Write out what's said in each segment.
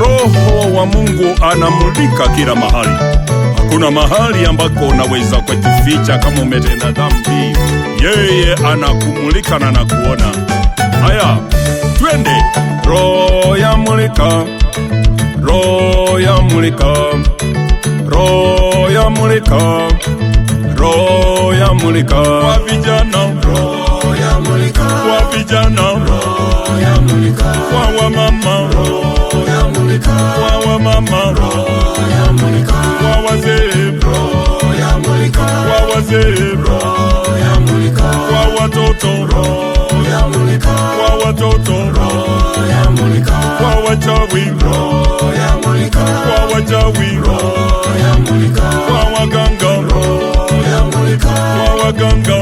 Roho wa Mungu anamulika kila mahali. Hakuna mahali ambako unaweza kujificha kama umetenda dhambi. Yeye anakumulika na nakuona. Haya, twende. Roho ya mulika, roho ya mulika, roho ya mulika, roho ya mulika kwa vijana vijana, kwa wamama, kwa wamama, kwa wazee, kwa wazee, kwa watoto, kwa watoto, kwa wachawi, kwa wachawi, kwa waganga, kwa waganga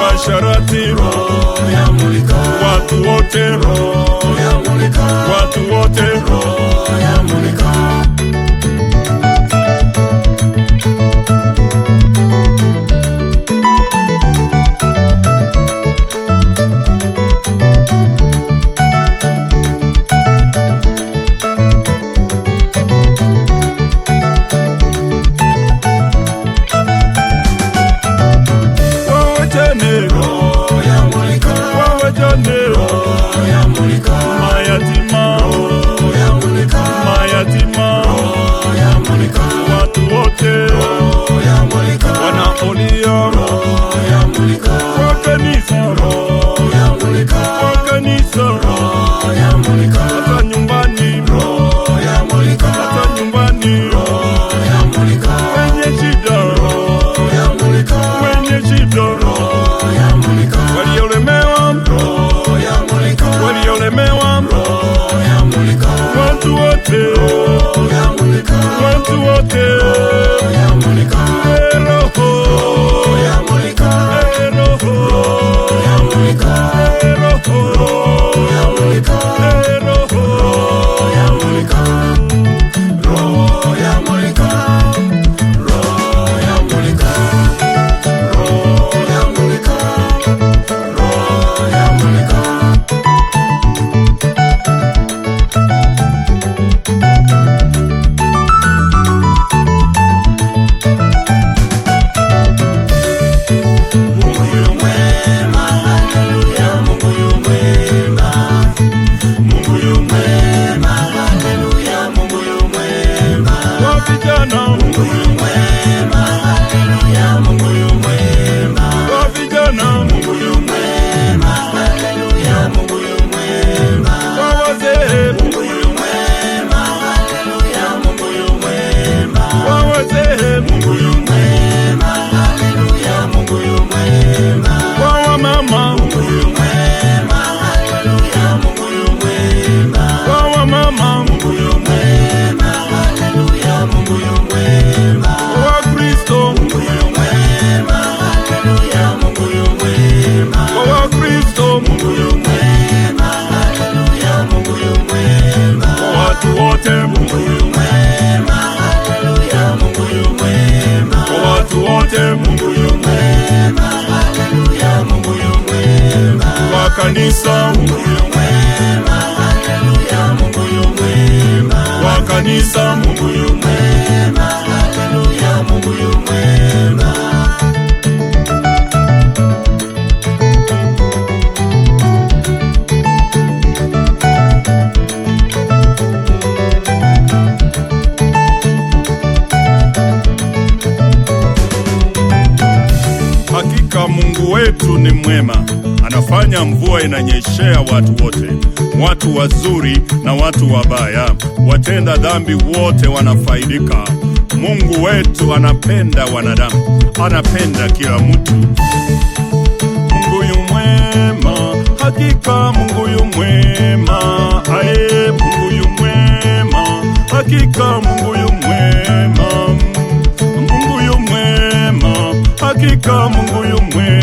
washarati, watu wote Hey. kanisa wa kanisa Mungu yu mwema, haleluya, Mungu yu mwema. Hakika Mungu wetu ni mwema anafanya mvua inanyeshea watu wote, watu wazuri na watu wabaya, watenda dhambi wote wanafaidika. Mungu wetu anapenda wanadamu, anapenda kila mtu. Mungu yu mwema, hakika Mungu yu mwema, ae, Mungu yu mwema, hakika Mungu yu mwema, Mungu yu mwema, hakika Mungu yu mwema.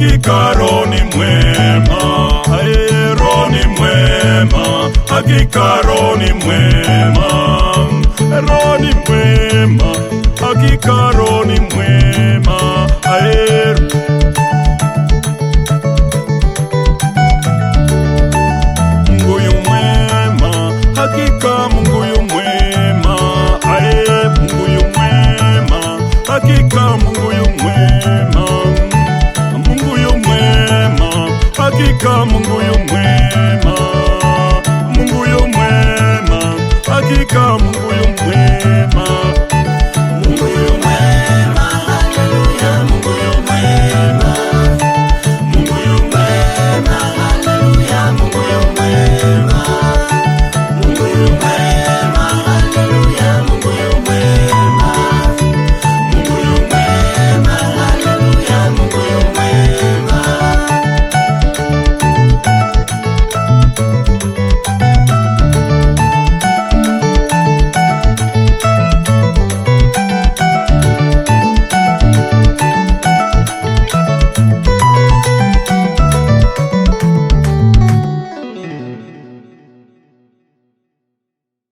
hakika Roho ni mwema, Roho ni mwema, hakika Roho ni mwema, Roho ni mwema, hakika Roho ni mwema hakika Mungu yu mwema. hakika Mungu yu mwema.